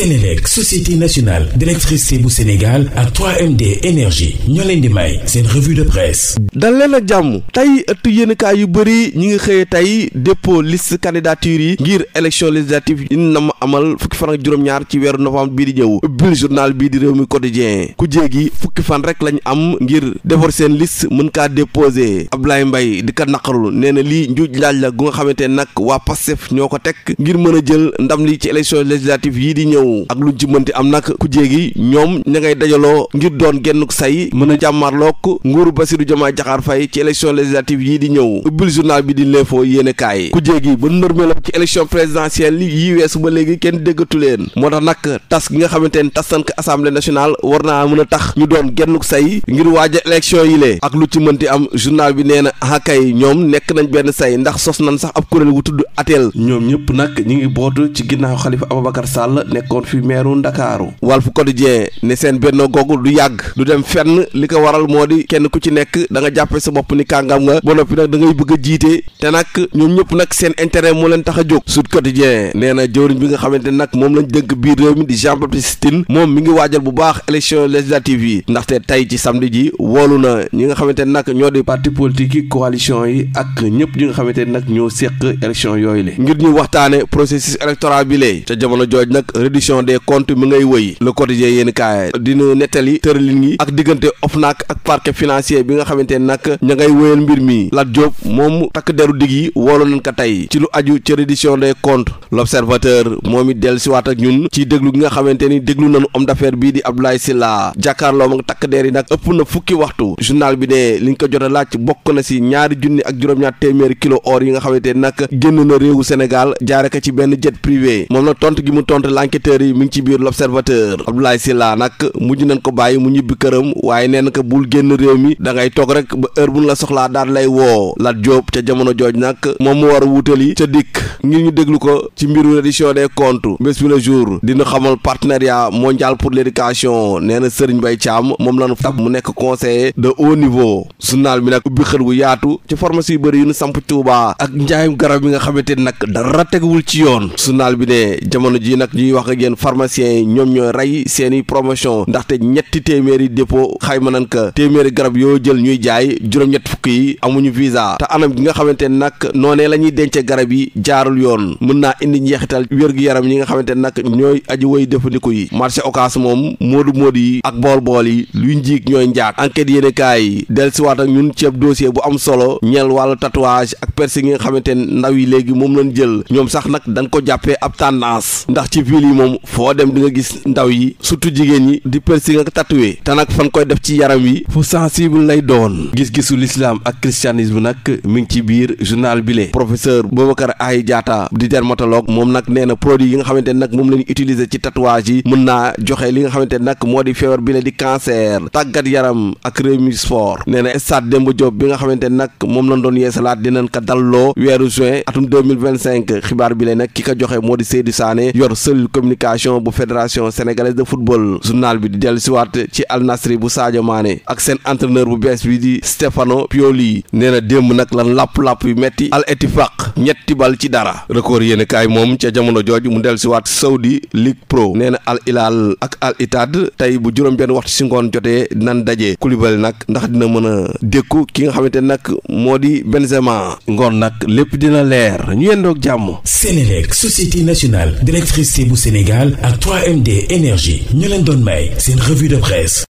Sénélec société nationale d'électricité bu Sénégal ak 3MD énergie ñoo leen di may seen revue de presse. dal leen ak jàmm tey ëttu yéenekaay yu bëri ñi ngi xëyee tey dépôt liste candidature yi ngir élection législative yi na ma amal fukki fan ak juróom-ñaar ci weeru novembre bii di ñëw ubbil journal bii di réew mi quotidien ku jéegi fukki fan rek lañ am ngir defar seen liste mën kaa déposé Ablaye Mbaye di ko naqarul nee na lii njuuj njaaj la gu nga xamante nag waa Pastef ñoo ko teg ngir yi yeewu ak lu jëmmanti am nag ku jéegi ñoom ña ngay dajaloo ngir doon genn say mën a jàmmarlook nguuru Bassirou Diomaye Diakhar Faye ci élection législative yii di ñëw ubbil journal bi di l'info yéene kaay ku jéegi ba normela ci élection présidentielle yi weesu ba léegi kenn déggatu leen moo tax nag tas gi nga xamante ni tas nañ ko assemblée nationale war naa mën a tax ñu doon gennuk say ngir waaja a yi lee ak lu ci mënti am journal bi nee na akay ñoom nekk nañ benn say ndax sos nañ sax ab kuréel wu tudd ateel ñoom ñëpp nag ñi ngi bootu ci ginnaaw Xalifa Ababacar Sall nekk nekkoon fi meeru ndakaaru Walf Quotidien ne seen bennoo googu du yàgg du dem fenn li ko waral moo di kenn ku ci nekk da nga jàppe sa bopp ni kàngam nga ba noppi nag da ngay bëgg a jiite te nag ñoom ñëpp nag seen intérêt moo leen tax a jóg Sud Quotidien nee na jëwriñ bi nga xamante nag moom lañ dënk biir réew mi di Jean Baptiste Tine moom mi ngi waajal bu baax élection législative yi ndaxte tey ci samedi ji woolu na ñi nga xamante nag ñoo di parti politi yi coalition yi ak ñëpp ñi nga xamante nag ñoo séq élection yooyu le ngir ñu waxtaane processus électoral bi reddition des comptes mi ngay wëy le quotidien yéen kaay dina nettali bi nga xamante ne nag ña ngay wëyal mbir mi Lat Diop moom takk deru digg yi woolu nañ ko tey ci lu aju ci reddition des comptes l'observateur moom it dellusiwaat ak ñun ci déglu gi nga xamante ni déglu nañu homme d'affaires bii di ab Abdoulaye Sylla jàkkaarloo mag takk der yi nag ëpp na fukki waxtu journal bi ne liñ ko jot a laaj bokk na si ñaari junni ak juróom-ñaar téeméeri kilo or yi nga xamante ni nag génn na réewu Sénégal jaare ko ci benn jet privé moom na tontu gi mu tontu l'enquête enquêteurs yi mi ngi ci biir l'observateur Abdoulaye Sylla nag mu nañ ko bàyyi mu ñibbi këram waaye nee na ko bul génn réew mi da ngay toog rek ba heure bu ñu la soxlaa daal lay woo Lat Diop ca jamono jooj nag moom mu war a wuutali ca dikk ngir ñu déglu ko ci mbiru reddition des comptes bés bi le jour dina xamal partenariat mondial pour l'éducation nee na Serigne Bay Thiam moom lañu tab mu nekk conseiller de haut niveau journal bi nag ubbi xel gu yaatu ci pharmacie yu bëri yu ñu samp ak njaayum garab bi nga xamante nag dara teguwul ci yoon ak yéen pharmaciens yi ñoom ñooy rey seeni promotion ndaxte ñetti téeméeri dépôt xayma nan ka téeméeri garab yoo jël ñuy jaay juróom ñetti fukk yi amuñu visa te anam gi nga xamante ne nag noonee la ñuy denc garab yi jaarul yoon mën naa indi njeexital wér yaram yi nga xamante ne nag ñooy aji woy defandiku yi marché occas moom moodu moodu yi ak bool bool yi luy njiig ñooy njaak enquête yéene kaay yi dellusiwaat ak ñun ceeb dossier bu am solo ñel wàllu tatouage ak piercing yi nga xamante ne ndaw yi léegi moom lañ jël ñoom sax nag moom foo dem di nga gis ndaw yi surtout jigéen ñi di piercing ak tatoué te nag fan koy def ci yaram yi fu sensible lay doon gis-gisu l'islam ak christianisme nag mi ngi ci biir journal bi le professeur Boubacar Aye Diatta di dermatologue moom nag nee na produit yi nga xamante ne nag moom la ñu utiliser ci tatouage yi mën naa joxe li nga xamante nag moo di feebar bi le di cancer tàggat yaram ak réew mi sport nee na stade Demba Diop bi nga xamante ne nag moom lañ doon yeesalaat communication bu fédération sénégalaise de football journal bi di dellu siwaat ci Al Nassr bu Sadio Mané ak seen entraîneur bu bees bi di Stefano Pioli nee na démb nag lan làpp-làpp yu metti Al Ettifaq ñetti bal ci dara record yéen kaay moom ca jamono jooj mu del si waat Saudi League Pro nee na Al Hilal ak Al Ittihad tey bu juróom-benn waxtu si ngoon jotee nan daje Koulibaly nag ndax dina mën a dékku ki nga xamante nag moo di Benzema ngoon nag lépp dina leer ñu yendoog jàmm Sénélec société nationale d'électricité bu Sénégal ak 3MD énergie ñu leen doon may seen revue de presse